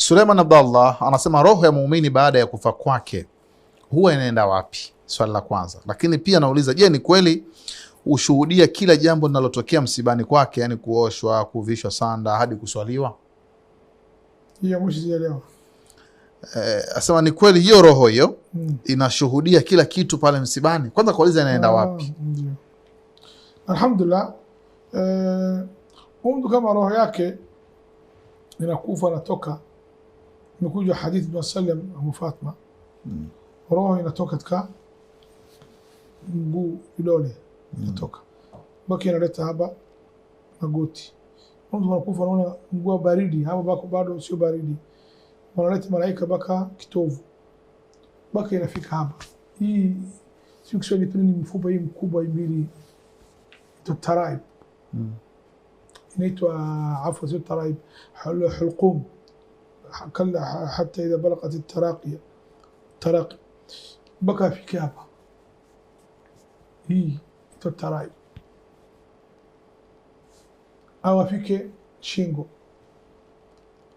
Suleiman Abdallah anasema roho ya muumini baada ya kufa kwake huwa inaenda wapi? Swali la kwanza. Lakini pia anauliza, je, ni kweli ushuhudia kila jambo linalotokea msibani kwake, yani kuoshwa, kuvishwa sanda hadi kuswaliwa? Eh, asema ni kweli hiyo roho hiyo hmm, inashuhudia kila kitu pale msibani. Kwanza kauliza inaenda ah, wapi? Ndiyo. Alhamdulillah, eh, mtu kama roho yake inakufa anatoka نكوجو حديث بن سلم أبو فاطمة روه إن توكت كا نقو يلولي إن توكا بكي نالتا هبا نقوتي mtu wanakufa naona mguu baridi hapo bako bado sio baridi, wanaleta malaika baka kitovu baka inafika hapa. Hii sio Kiswahili tu, ni mfupa hii mkubwa mbili ito taraib mm. inaitwa afwa, sio taraib, hulqum hul kalla hata idha balagat taraqiya taraqi mpaka afike hapa. Hii ito tarai au afike shingo.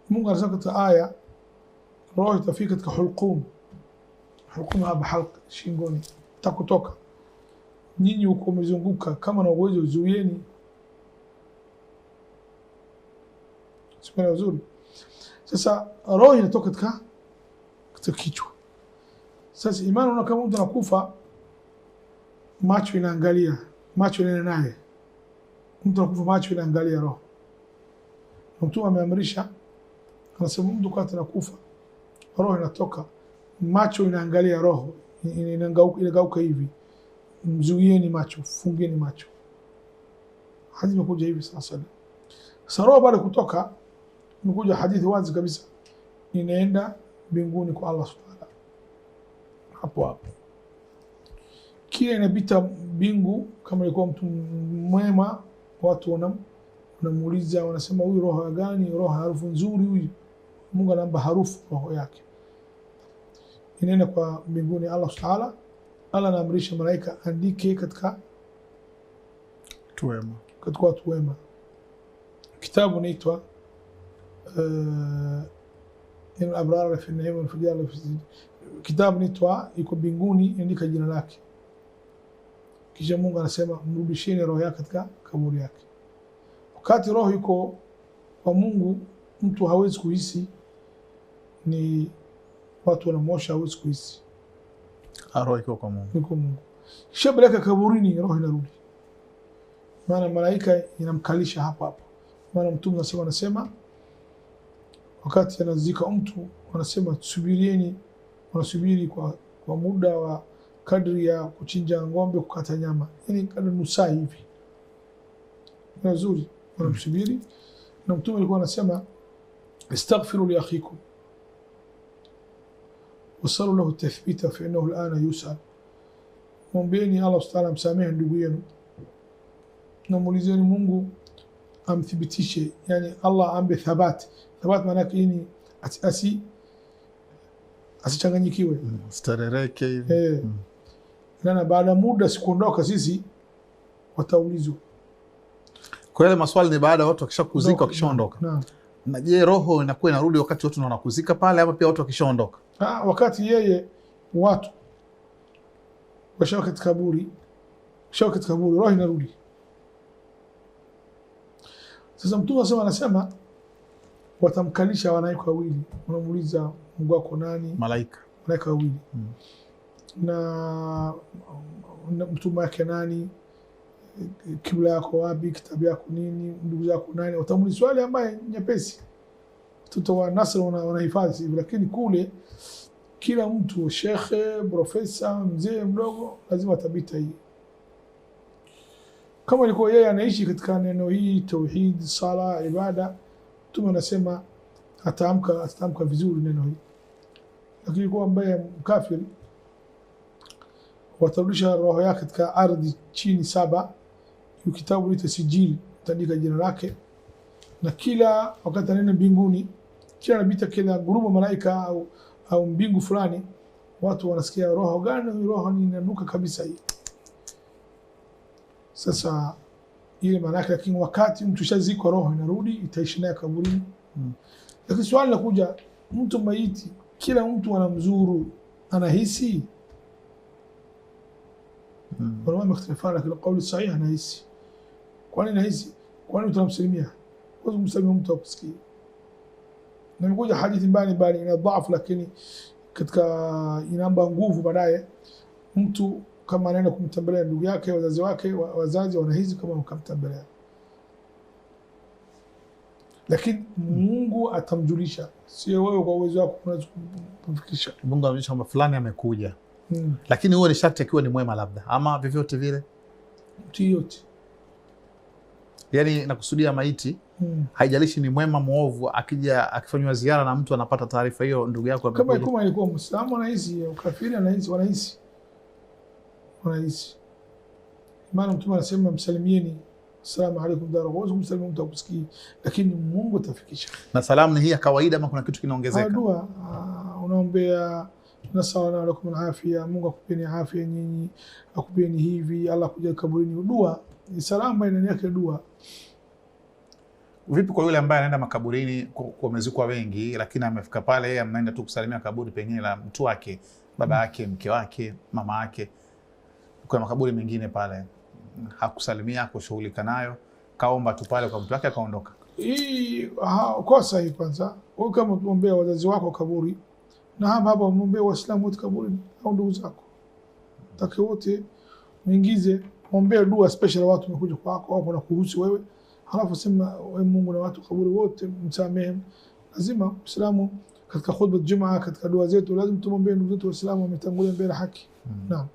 Mungu anasema katika aya, roho itafika katika hulqum, hulqum hapa halq, shingoni takutoka. Nyinyi uko umezunguka, kama na uwezo uzuieni, sikuna uzuri sasa roho inatoka katika katika kichwa. Sasa imani, unaona kama mtu anakufa, macho inaangalia, macho inaenda naye. Mtu anakufa, macho inaangalia roho. Mtume ameamrisha, anasema mtu kwa anakufa, roho inatoka, macho inaangalia roho, inagauka hivi, mzuieni macho, fungieni macho. Hadi imekuja hivi sasa. Sasa roho baada kutoka imekuja hadithi wazi kabisa, ninaenda mbinguni kwa Allah subhanahu wa ta'ala. Hapo hapo kile inapita mbingu, kama ilikuwa mtu mwema, watu wanamuuliza, wanasema huyu roho gani? Roho harufu nzuri huyu. Mungu anampa harufu roho yake, inaenda kwa mbinguni Allah subhanahu wa ta'ala. Allah anaamrisha malaika andike katika tuwema, katika watu wema. Kitabu naitwa uh, eh, inu abrara fi neema fujala kitabu ni toa, iko binguni, andika jina lake, kisha Mungu anasema mrudisheni roho yake katika kaburi yake. Wakati roho iko kwa Mungu, mtu hawezi kuhisi, ni watu wanamwosha, hawezi kuhisi ah, roho iko kwa Mungu, iko Mungu. Kisha peleka kaburini, roho inarudi, maana malaika inamkalisha hapo hapo, maana Mtume anasema Wakati anazika mtu wanasema subirieni, wanasubiri kwa, kwa muda wa kadri ya kuchinja ng'ombe kukata nyama, yani kadri nusaa hivi nzuri wanamsubiri. Na Mtume alikuwa anasema istaghfiru li akhikum wasalu lahu tathbita fa innahu alana yusal, mwombeeni Allah ta'ala msamehe ndugu yenu namuulizeni Mungu amthibitishe, yani Allah ambe thabati Thabatha maana yake ni asi asichanganyikiwe, mm, starereke hivi eh. Mm. Na baada muda sikuondoka sisi wataulizwa. Kwa ile maswali ni baada watu wakishakuzika wakishaondoka. Na je, roho inakuwa inarudi wakati watu wanakuzika pale ama pia watu wakishaondoka? Ah, wakati yeye watu washawa katika kaburi, washawa katika kaburi, roho inarudi. Sasa Mtume anasema watamkalisha wanaika wawili, wanamuuliza Mungu wako nani? Malaika, malaika wawili mm. na, na mtume wake nani? Kibla yako wapi? Kitabu yako nini? Ndugu zako nani? Watamuuliza swali ambaye nyepesi watoto wa Nasr wanahifadhi, lakini kule kila mtu shekhe, profesa, mzee, mdogo lazima atabita hii. Kama ilikuwa yeye anaishi katika neno hii, tauhid, sala, ibada Mtume anasema ataamka ataamka vizuri neno hili, lakini kuwa ambaye mkafiri watarudisha roho yake katika ardhi chini saba. Kitabu litasijili tandika jina lake, na kila wakati anaenda mbinguni, kila anapita kila gurubu malaika au, au mbingu fulani, watu wanasikia roho gani? Roho ni inanuka kabisa hii sasa ile maana yake, lakini wakati mtu shazikwa, roho inarudi itaishi naye kaburini. Hmm. Lakini swali la kuja, mtu maiti, kila mtu anamzuru anahisi ulama hmm. wamekhtalifiana, lakini kauli sahihi anahisi. Kwani anahisi? Kwani utamsalimia? Wewe msalimia mtu akusikii. Na imekuja hadithi mbalimbali ina dhaifu, lakini katika inamba nguvu baadaye mtu kama anaenda kumtembelea ndugu yake, wazazi wake, wazazi wanahisi kama wakamtembelea, lakini Mungu atamjulisha, sio wewe kwa uwezo wako kumfikisha. Mungu anaonyesha kwamba fulani amekuja, hmm. Lakini huo ni sharti akiwa ni mwema, labda ama vyovyote vile, mtu yote yani nakusudia maiti hmm. Haijalishi ni mwema mwovu, akija akifanywa ziara na mtu anapata taarifa hiyo, ndugu yako kama ilikuwa Muislamu anahisi ukafiri, anahisi wanahisi wanaishi. Maana Mtume anasema msalimieni, salamu alaikum dara, huwezi kumsalimia mtu akusikii, lakini Mungu atafikisha. Na salamu ni hii ya kawaida ama kuna kitu kinaongezeka? Dua ah, unaombea nasalana lakum alafia, Mungu akupeni afya nyinyi, akupeni hivi, Allah kuja kaburini. Dua ni salamu, ndani yake dua. Vipi kwa yule ambaye anaenda makaburini, kumezikwa wengi, lakini amefika pale, yeye mnaenda tu kusalimia kaburi pengine la mtu wake, baba mm. yake, mke wake, mama yake kuna makaburi mengine pale hakusalimia, hakushughulika nayo, kaomba tu pale kwa mtu wake akaondoka. Hii kosa hii. Kwanza wewe kama ukiombea wazazi wako kaburi, na hapa hapa muombee Waislamu wote kaburi au ndugu zako, taki wote muingize, muombee dua special watu wamekuja kwako au kuna kuhusu wewe, halafu sema wewe Mungu na watu kaburi wote msamehe. Lazima Muislamu katika khutba Jumaa, katika dua zetu lazima tumombee ndugu zetu Waislamu wametangulia mbele haki. Mm. Naam.